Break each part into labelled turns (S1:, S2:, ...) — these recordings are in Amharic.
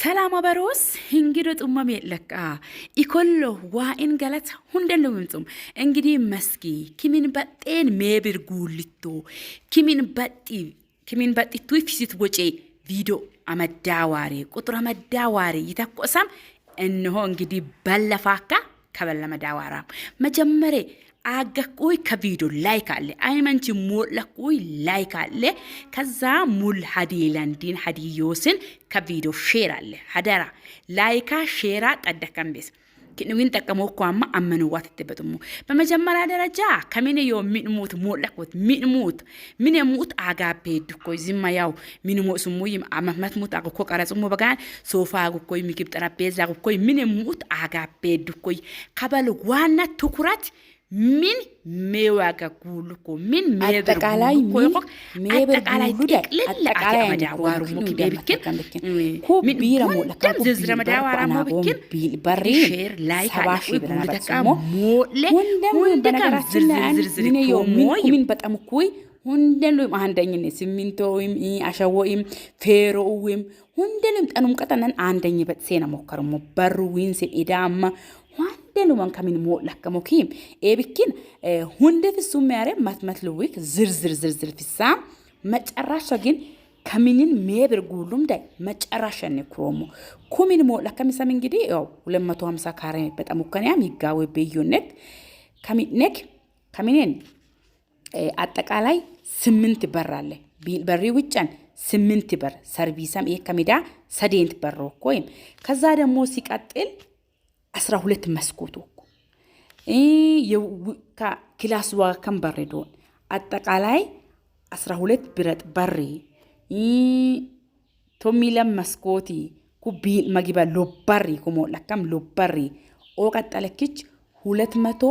S1: ሰላም አበሮስ እንግዶ ጡመሜ የለቃ ኢኮሎ ዋኢን ገለት ሁንደሉ ምምጹም እንግዲህ መስጊ ኪሚን በጤን ሜብር ጉልቶ ኪሚን በጢ ኪሚን በጢቱ ፊሲት ወጪ ቪዲዮ አመዳዋሪ ቁጥር አመዳዋሪ ይተቆሳም እንሆ እንግዲህ በለፋካ ከበለመዳዋራ መጀመሬ አገቁይ ከቪዲዮ ላይክ አለ አይመንች ሞለቁይ ላይክ አለ ከዛ ሙል ሀዲላንዲን ሀዲዮስን ከቪዲዮ ሼር አለ ሀደራ ላይካ ሼራ ጠደከም ቤስ ክንዊን ጠቀሞ እኮ አማ አመንዋት ትበጥሙ በመጀመሪያ ደረጃ ከምን ዮ ሚንሙት ሞለኩት ሚንሙት ምን የሙት አጋቤ ድኮ ዝማ ያው ሚንሞ ስሙ አመመት ሙት አቁኮ ቀረጽሙ በጋን ሶፋ አቁኮይ ምግብ ጠረጴዛ አቁኮይ ምን የሙት አጋቤ ድኮይ ከበል ዋና ትኩረት ምን ሜዋጋ ጉሉ ኮ ምን አጠቃላይ ሜበር ሁንደሉም አንደኝነ ፌሮውም ሁንደሉም ጠኑም ቀጠነን አንደኝ በጥሴ hundeenuman kamin muudhakkamuki eebikkin hunde fissummeyaare matmatluwik zirzir zirzir fissaa macarraasha gin ከምንን ሜብር ጉሉም ዳይ መጨራሽ ንክሮሙ ኩሚን ሞላ ከሚሰም እንግዲህ ያው 250 ካሬ በጣም ወከኒያም ይጋው በዩነት ከሚነክ ከሚኔን አጠቃላይ ስምንት በር አለ በሪ ውጫን ስምንት በር ሰርቪሳም ይሄ ከሚዳ ሰዴንት በር ወይም ከዛ ደግሞ ሲቀጥል አስራ ሁለት መስኮት ወቁ ክላስ ዋከን በሬ ዶን አጠቃላይ አስራ ሁለት ብረት በሬ ቶሚለም መስኮቲ ኩቢ መጊበ ሎበሪ ኩሞ ለከም ሎበሪ ኦቀጠለክች ሁለት መቶ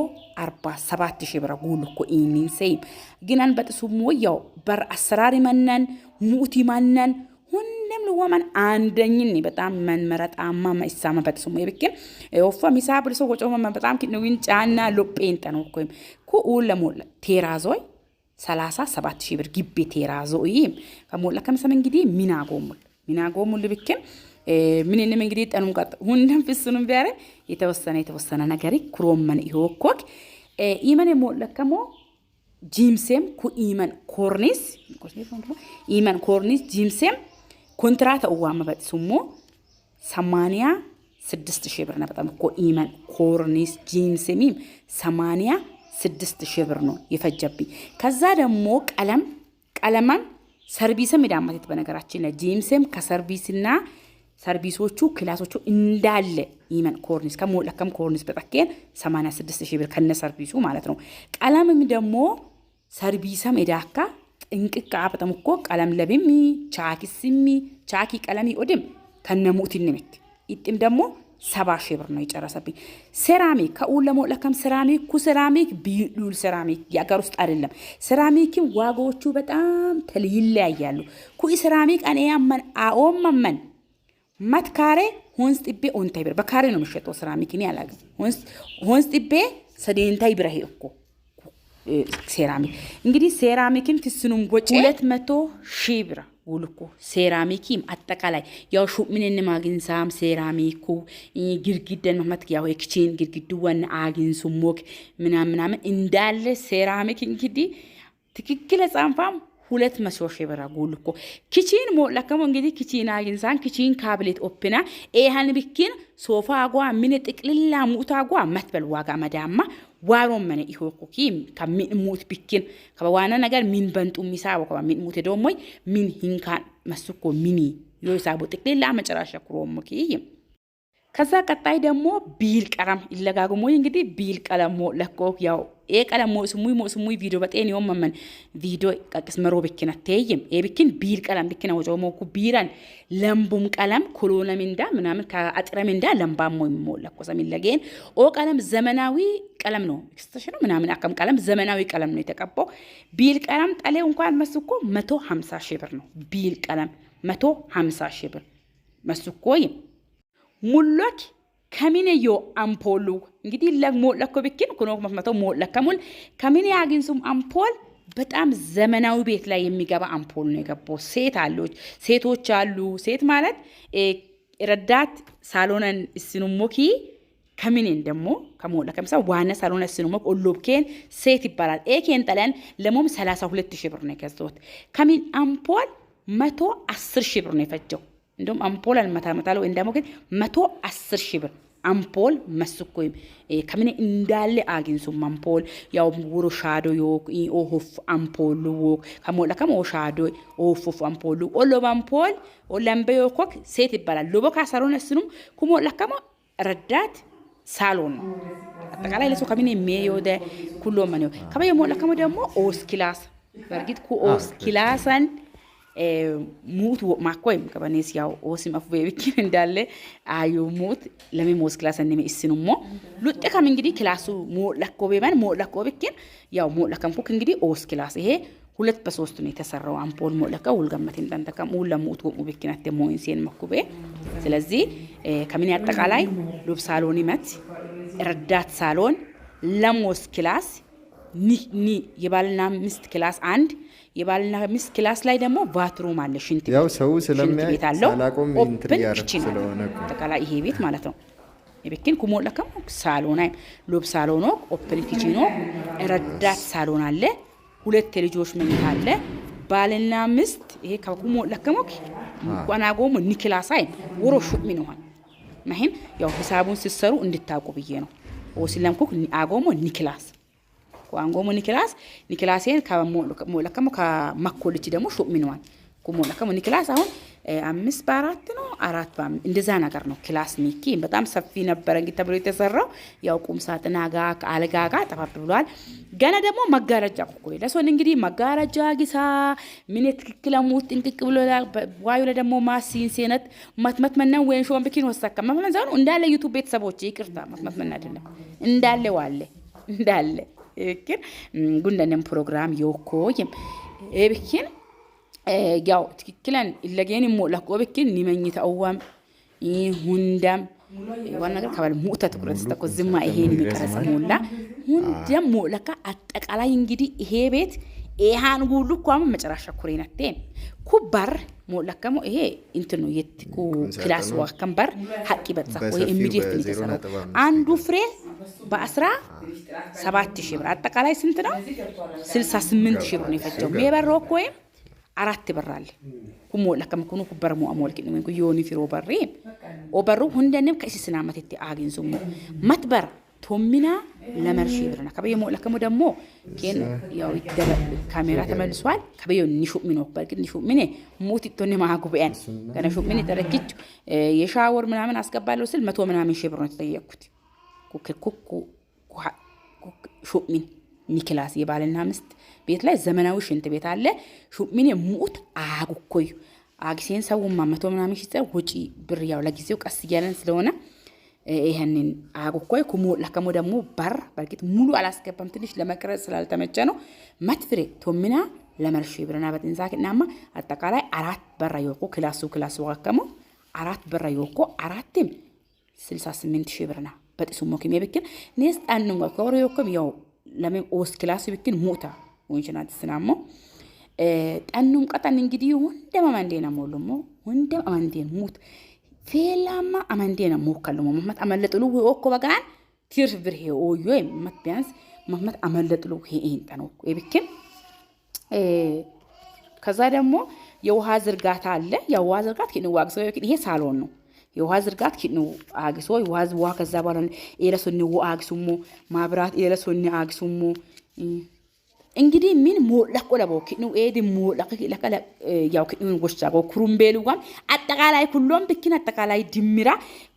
S1: አርባ ሰባት ሺ ብረ ጉልኮ ኢኒን ሰይም ግናን በጥሱሞ ያው በር አሰራሪ መነን ሙኡቲ መነን ማንም ልወመን አንደኝን በጣም መንመረጣማ መሳመ በተሰሙ የብኬ ኦፋ ሚሳ ወጮ ጎጮመ በጣም ኪድንዊን ጫና ሎጴን ጠኖ ኮይም ኩኡን ለሞለ ቴራዞይ ሰላሳ ሰባት ሺህ ብር ግቤ ቴራዞይም ከሞለ ከምሰም እንግዲህ ሚና ጎሙል ሚና ጎሙል ብኬም ምንንም እንግዲህ ጠኑም ቀጥ ሁንደም ፍስኑም ቢያረ የተወሰነ የተወሰነ ነገር ኩሮመን ይወኮክ ኢመን ከሞ ጂምሴም ኩ ኢመን ኮርኒስ ኢመን ኮርኒስ ጂምሴም ኮንትራት እዋ መበጢሱሞ ሰማንያ ስድስት ሺህ ብር ነበጣም እኮ ኢመን ኮርኒስ ጂንስ ሚም ሰማንያ ስድስት ሺህ ብር ነው የፈጀብኝ። ከዛ ደግሞ ቀለም ቀለማን ሰርቪስም ይዳማት በነገራችን ጂምስም ከሰርቪስና ሰርቪሶቹ ክላሶቹ እንዳለ ኢመን ኮርኒስ ከሞለከም ኮርኒስ በጠኬን 86 ሺህ ብር ከነ ሰርቪሱ ማለት ነው። ቀለምም ደግሞ ሰርቪሰም የዳካ እንቅቅ አፈተሙ እኮ ቀለም ለብሚ ቻኪስሚ ቻኪ ቀለሚ ኦድም ከነሙእትን ንምት ይጥም ደግሞ ሰባ ሺህ ብር ነው የጨረሰብኝ። ሴራሚክ ከኡን ለሞለከም ሴራሚክ ኩ ሴራሚክ ቢዱል ሴራሚክ የአገር ውስጥ አይደለም። ሴራሚክም ዋጋዎቹ በጣም ይለያያሉ። ኩ ሴራሚክ አኔ ያመን አኦመመን መትካሬ ሆንስ ጥቤ ኦንታይ ብር በካሬ ነው የሚሸጠው ሴራሚክ እኔ አላገ ሆንስ ጥቤ ሰዴንታይ ብረሄ እኮ ሴራሚክ እንግዲህ ሴራሚክን ክስኑን ጎጭ ሁለት መቶ ሺህ ብር ውልኮ ሴራሚኪም አጠቃላይ ያው ሹምንን ማግንሳም ሴራሚኩ ግድግደን ማክመት ያው የክችን ግድግድወን አግንሱ ሞክ ምናምን ምናምን እንዳለ ሴራሚክ እንግዲህ ትክክለ ጻንፋም ሁለት መቶ ሺህ ብር ጉልኮ ኪቺን ሞላከሞ እንግዲህ ኪቺን አግንሳን ኪቺን ካብሌት ኦፕና ኤሃን ብኪን ሶፋ ጓ ምን ጥቅልላ ሙታ ጓ መትበል ዋጋ መዳማ waaroon mana ihoo kookii kan miidhmuut bikkin kaba waana nagar min bantuu misaa kaba miidhmuute doommoy min hinkaan masukko minii yoo isaa boo xiqqee laama ciraasha kuroomo mukii. ከዛ ቀጣይ ደግሞ ቢል ቀረም ይለጋግሞ እንግዲህ ቢል ቀለሞ ለኮ ያው ኤ ቀለሞ ስሙ ሞ ስሙ ቪዲዮ በጤን ዮም መመን ቪዲዮ ቀቅስ መሮ ብክነ ተይም ኤ ብክን ቢል ቀለም ብክነ ወጮ ሞኩ ቢራን ለምቡም ቀለም ኮሎነም ሚንዳ ምናምን ከአጥረም እንዳ ለምባም ሞ ለኮ ሰሚ ለገን ኦ ቀለም ዘመናዊ ቀለም ነው ኤክስተሽኑ ምናምን አከም ቀለም ዘመናዊ ቀለም ነው የተቀባው ቢል ቀለም ጠሌ እንኳን መስኮ 150 ሺህ ብር ነው ቢል ቀለም 150 ሺህ ብር መስኮ ይም ከሚኔ ዮ አምፖሉ እንግዲህ ሞለኮ ብኪን ኩኖ መቶ ሞለከሙን ከሚኔ ያግንሱም አምፖል በጣም ዘመናዊ ቤት ላይ የሚገባ አምፖል ነው የገባው። ሴት አለች፣ ሴቶች አሉ። ሴት ማለት ረዳት ሳሎነን እስኑ ሞኪ ከሚኔን ደግሞ ከሞላ ከምሳ ዋና እስኑ እስኑሞክ ኦሎብኬን ሴት ይባላል። ኤኬን ጠለን ለሞም 32 ሺህ ብር ነው የገዛሁት። ከሚን አምፖል መቶ አስር ሺህ ብር ነው የፈጀው። እንደውም አምፖል አልመታ መታለ ወይም ደግሞ ግን መቶ አስር ሺህ ብር አምፖል መስኮ ከምን እንዳለ አግኝሱም አምፖል ያው ውሮ ሻዶ ዮክ ኦሆፍ አምፖሉ ዎክ ከሞላ ከሞ ሻዶ ኦፎፍ አምፖሉ ኦሎብ አምፖል ኦለምበ ዮኮክ ሴት ይባላል ሎቦ ካሳሎን እስኑም ኩሞላ ከሞ ረዳት ሳሎን አጠቃላይ ለሱ ከምን የሚወደ ኩሎ መኔው ከበየ ሞላ ከሞ ደግሞ ኦስኪላስ ኪላስ በእርግጥ ኩ ኦስ ሙት ማኮ ወይም ከበኔስ ያው ኦሲም አፉ ቤቢኪን እንዳለ አዩ ሙት ለሚ ሞስ ክላስ እንደሚ እስኑ ሞ ሉጥ ከም እንግዲህ ክላሱ ሞላኮ ቤባን ሞላኮ ቤኪን ያው ሞላከም ኩክ እንግዲህ ኦስ ክላስ ይሄ ሁለት በሶስት ነው የተሰራው አምፖል ሞለከ ውልገመት እንጠንጠቀም ውለ ሙት ወሙ ቤኪናት ሞይንሴን መኩቤ ስለዚህ ከምን ያጠቃላይ ሉብ ሳሎን ይመት ረዳት ሳሎን ለሞስ ክላስ ኒ ኒ የባልና ሚስት ክላስ አንድ የባልና ሚስት ክላስ ላይ ደግሞ ባትሩም አለ፣ ሽንት ቤት፣ ሽንት ቤት አለው። ኦፕን ይሄ ቤት ማለት ነው። የቤኪን ኩሞላ ከም ሳሎና ሎብ ሳሎኖ ኦፕን ኪችኖ ረዳት ሳሎን አለ። ሁለት ልጆች መኝታ አለ። ባልና ሚስት ይሄ ከኩሞላ ከሞክ ቆናጎም ኒክላሳይ ወሮ ሹሚ ሚንሆን ናሂም ያው ሂሳቡን ሲሰሩ እንድታውቁ ብዬ ነው። ወሲለምኩክ አጎሞ ኒክላስ waangoo ኒክላስ ኒክላሴን ከሞለከሙ ከማኮልች ደግሞ ሹሚንዋል ከሞለከሙ ኒክላስ አሁን አምስት በአራት ነው አራት በአምስት እንደዛ ነገር ነው። ክላስ ኒኪ በጣም ሰፊ ነበረ እንግዲህ ተብሎ የተሰራው ያው ቁም ሳጥና ጋ ከአልጋ ጋ ጠፈር ብሏል። ገና ደግሞ መጋረጃ ኮኮይ ለሶን እንግዲህ መጋረጃ ጊሳ ምን የትክክለሙት ጥንቅቅ ብሎላል። ዋዩ ለደግሞ ማሲን ሴነት መትመት ሾን ብኪን ወሰካ መመዛኑ እንዳለ ዩቱብ ቤተሰቦች ይቅርታ መትመት አይደለም እንዳለ ዋለ እንዳለ ይብክን ጉንደንም ፕሮግራም ዮኮይም ብኪን ያው ትክክለን ለጌን ሞ ብኪን ኒመኝተ እዋም ሁንደም ዋና ነገር ከባል ሙእተ ትኩረት ተኮ ዝማ ይሄን የሚቀረጽ ሞላ ሁንደም ሞ ለካ አጠቃላይ እንግዲህ ይሄ ቤት ኤሃን ጉሉ እኮ አሁን መጨረሻ ኩሬነቴን ኩበር ሞለከሞ ይሄ እንትን ነው የትኩ ክላስ ዋከንበር ሀቂ በጥሳ ኢሚዲየት የተሰራው አንዱ ፍሬ በአስራ ሰባት ሺህ ብር አጠቃላይ ስንት ነው? ስልሳ ስምንት ሺህ ብር ነው የፈጀው። ሜበሮ እኮ ወይም አራት ብር አለ ኩሞለከም ኩኑ ኩበር ሞ አሞልክ ነው ኩ ዮኒ ፊሮ በሬ ኦበሩ ሁንደንም ከእሲ ስናመት አግንሱሙ መትበር ቶሚና ለመርሽ ይብርና ከበየ ሞላ ከሞ ደግሞ ኬን ያው ይደረ ካሜራ ተመልሷል ከበየ ንሹ ምን ወባል ግን ንሹ ምን ሞት ይቶኒ ማሃጉ በያን ሹ ምን ተረክች የሻወር ምናምን አስገባለሁ ስል መቶ ምናምን ሺህ ብር ነው የተጠየቅኩት። ኩክ ኩክ ሹሚን ኒክላስ የባልና ምስት ቤት ላይ ዘመናዊ ሽንት ቤት አለ። ሹሚን ሙት አጉኮዩ አግሴን ሰውማ መቶ ምናምን ሺህ ውጪ ብር ያው ለጊዜው ቀስ እያለን ስለሆነ ይህንን አያቁኮይ ለከሞ ደግሞ በር በእርግጥ ሙሉ አላስገባም፣ ትንሽ ለመቅረጽ ስላልተመቸ ነው። መትፍሬ ቶሚና ለመርሽ ብረና በጥንሳክ ናማ አጠቃላይ አራት በር የወቁ ክላሱ ክላሱ ከሞ አራት በር የወቁ አራትም 68 ሺህ ብርና በጥሱ ሞክም የብክን ኔስ ጣንም ወኮሮ የወኩም ያው ለምን ኦስ ክላሱ ብክን ሙታ ወንሽናት ስናሞ ጠኑም ቀጠን እንግዲህ ሁንደም አማንዴና ሞሉሞ ሁንደም አማንዴን ሙት ፌላማ አመንዴነ ሞከሉ መመት አመለጥሉ ኦኮ በጋን ቲርፍ ብር ሄ ኦዮ መመት ቢያንስ መመት አመለጥሉ ሄ ይንጠ ከዛ ደግሞ የውሃ ዝርጋታ አለ። የውሃ ዝርጋት ኪኑ ዋግሶ ይሄ ሳሎን ነው። የውሃ ዝርጋት ኪኑ አግሶ ውሃ ከዛ በኋላ ኤለሶኒ አግሱሙ ማብራት ኤለሶኒ አግሱሙ እንግዲህ ምን ሞላቆ ለቦ ክኑ ኤድ ሞላቅ ለከ ያው ክኑ ጎሻ ጎ ኩሩምቤሉ ጋር አጠቃላይ ሁሉም ብክን አጠቃላይ ድምራ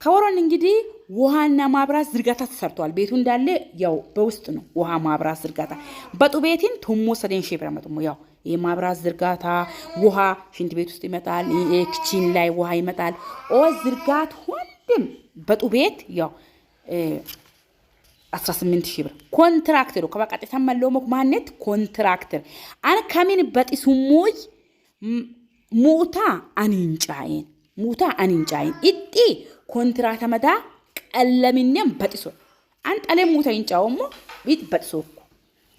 S1: ከወሮን እንግዲህ ውሃና ማብራት ዝርጋታ ተሰርቷል። ቤቱ እንዳለ ያው በውስጥ ነው። ውሃ ማብራት ዝርጋታ በጡ ቤትን ቶሞ ሰደን ሺ ብር መጥሞ ያው የማብራት ዝርጋታ ውሃ ሽንት ቤት ውስጥ ይመጣል። ኪችን ላይ ውሃ ይመጣል። ኦ ዝርጋት ሁንድም በጡ ቤት ያው 18 ሺህ ብር ኮንትራክተሩ ከበቃጤታ መለሞ ማነት ኮንትራክተር አን ከሚን ሞይ ሙታ አንንጫይን ሙታ አንንጫይን እጢ ኮንትራተ መዳ ቀለሚኒም በጢሶ አን ጠለ ሙታ ይንጫውሞ ቢት በጢሶ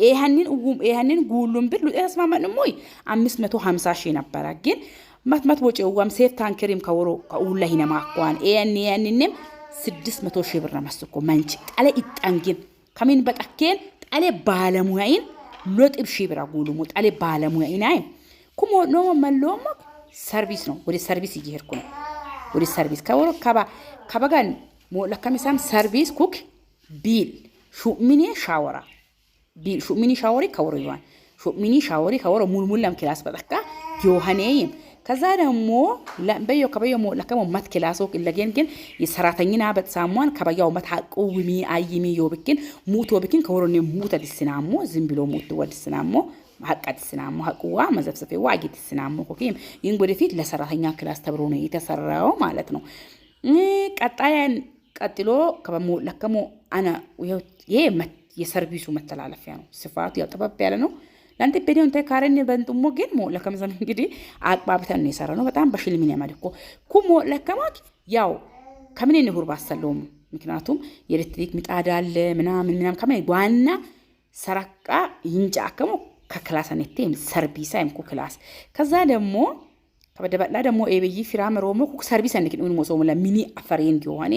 S1: ይህንን ውም ይህንን ጉሉም ብር ሉጤ ተስማማን ሞይ 550 ሺህ ነበረ ግን መትመት ወጪ ዋም ሴፍ ታንክሪም ከወሮ ከውላ ከኡላ ሂነማኳን ይህን ይህንንም ስድስት መቶ ሺህ ብር መስኮ መንቺ ጠለ ይጣንጊን ከሚን በጠኬን ጠለ ባለሙያይን ሎጥብ ሺህ ብር ጉሉሙ ጠለ ባለሙያይን አይ ኩሞ ኖሞ መለሞ ሰርቪስ ነው። ወደ ሰርቪስ እየሄድኩ ነው። ወደ ሰርቪስ ከወሮ ከባ ከበጋን ሞለከሚሳም ሰርቪስ ኩክ ቢል ሹሚኒ ሻወራ ቢል ሹሚኒ ሻወሪ ከወሮ ይዋን ሹሚኒ ሻወሪ ከወሮ ሙልሙላም ክላስ በጠካ ዮሐኔይም ከዛ ደግሞ በዮ ከበዮ ሞለከሞ መት ክላሶ ለጌን ግን የሰራተኝና በተሳሟን ከበያው መት ሀቁውሚ አይሚ ዮብኪን ሙት ወብኪን ከወሮኔ ሙተ ድስናሞ ዝም ብሎ ሙት ወድስናሞ ሀቃ ድስናሞ ሀቁዋ መዘብሰፌዋ አጌ ድስናሞ ኮኪም ይህን ወደፊት ለሰራተኛ ክላስ ተብሎ ነው የተሰራው ማለት ነው። ቀጣያን ቀጥሎ ከበሞለከሞ አነ ይሄ የሰርቪሱ መተላለፊያ ነው። ስፋቱ ያው ጠበብ ያለ ነው። ለአንድ ሆን ካረን በንጥሞ ግን ሞ ለከምዘም እንግዲህ አቅባብተን ነው የሰራ ነው። በጣም በሽልሚን ያማል እኮ ኩሞ ለከማት ያው ከምን ንሁር ባሰለውም ምክንያቱም የኤሌክትሪክ ምጣድ አለ ምናምን ምናም ከምን ዋና ሰራቃ ይንጫ ከሞ ከክላስ አኔቴ ሰርቢሳ ይምኩ ክላስ ከዛ ደግሞ ከበደበላ ደግሞ ኤቤይ ፊራ መሮሞ ኩክ ሰርቪስ አንክ ምን ሞሶ ለሚኒ አፈሬን ጊዮኔ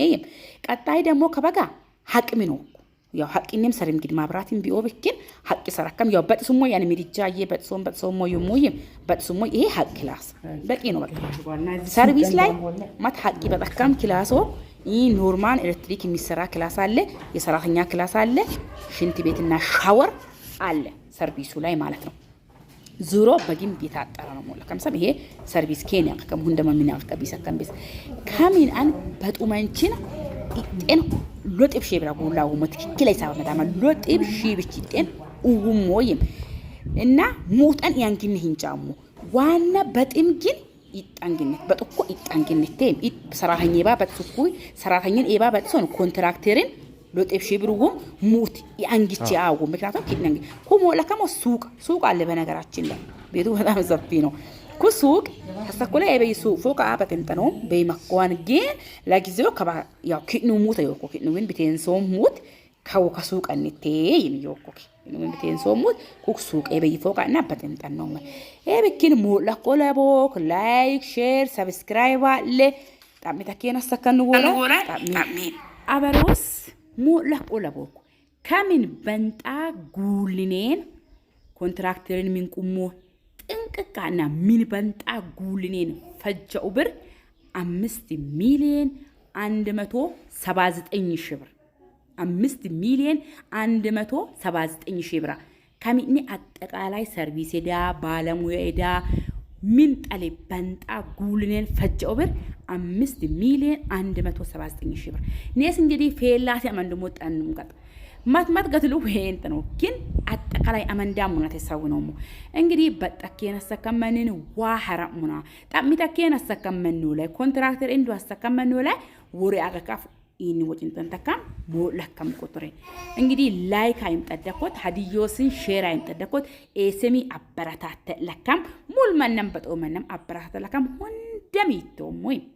S1: ቀጣይ ደግሞ ከበጋ ሀቅሚ ነው ያው ሀቂንም ሰሪም ግድ ማብራትን ቢኦ ብክን ሀቂ ሰራከም ያው በጥሱሞ ያን ሚድጃዬ በጥሶም በጥሶሞ ይሙይ በጥሱሞ ይሄ ሀቅ ክላስ በቂ ነው። በቃ ሰርቪስ ላይ ማት ሀቂ በጠካም ክላሶ ይህ ኖርማል ኤሌክትሪክ የሚሰራ ክላስ አለ፣ የሰራተኛ ክላስ አለ፣ ሽንት ቤትና ሻወር አለ ሰርቪሱ ላይ ማለት ነው። ዙሮ በግንብ ቢታጠረ ነው ሞላ ከምሰም ይሄ ሰርቪስ ኬንያ ከከም ሁንደማ ያቀብ ይሰከም ቢስ ከሚን አን በጡመንችን ጤን ሎጤብ ሼ ብራ ጉላ ውሞ ትክክል አይሳብ መጣማ ሎጤብ ሺ ብች ጤን ውሞ ይም እና ሙጠን ያንግንህ እንጫሙ ዋና በጤም ግን ይጣንግነት በጥኮ ይጣንግነት ቴም ሰራተኛ ባ በጥኩ ሰራተኛን ኤባ በጥሶን ኮንትራክተርን ሎጤብ ሺ ብር ውም ሙት የአንግቼ አዎ ምክንያቱም ኪድነንግ ሁሞ ለከሞ ሱቅ ሱቅ አለ በነገራችን ላይ ቤቱ በጣም ሰፊ ነው። kun suuqi tasakkulee eebee suuqfoo ka'aa batemtanoo beema waan gee lagizoo kaba yaa kidnuu muuta yoo koki nuwin biteensoo muut kawu ka suuqannittee yim yoo koki nuwin biteensoo muut kuk suuq eebee yifoo ka'aa na batemtanoo ma eebee kin muula kola book laayik sheer sabiskiraayiba le xabmi takkeena sakka nuwoora xabmi abaroos muula kola book kamin banxaa guullineen kontiraakteriin min qummoo ጥቃና ሚንበንጣ ጉልኔን ፈጀው ብር አምስት ሚሊየን አንድ መቶ ሰባ ዘጠኝ ሺ ብር አምስት ሚሊየን አንድ መቶ ሰባ ዘጠኝ ሺ ብር ከሚኒ አጠቃላይ ሰርቪስ ሄዳ ባለሙያ ሄዳ ሚን ጠሌ በንጣ ጉልኔን ፈጀው ብር አምስት ሚሊየን አንድ መቶ ሰባ ዘጠኝ ሺ ብር ኔስ እንግዲህ ፌላሲ መንድሞ ጠንም ቀጥ ማትማት ገትሉ ሄንጥ ነው ግን አጠቃላይ አመንዳ ሙና ተሳው ነው እንግዲህ በጠኬን አሰከመንን ዋ ሐራም ሙና ጣሚ ጠኬን አሰከመኑ ላይ ኮንትራክተር እንዱ አሰከመኑ ላይ ወሬ አገካፍ ይህን ወጭንጠን ተካም ሞለከም ቁጥሬ እንግዲህ ላይክ አይምጠደኮት ሀዲዮስን ሼር አይምጠደኮት ኤስሚ አበረታተ ለካም ሙል መነም በጦ መነም አበረታተ ለካም ሁንደሚቶም ወይም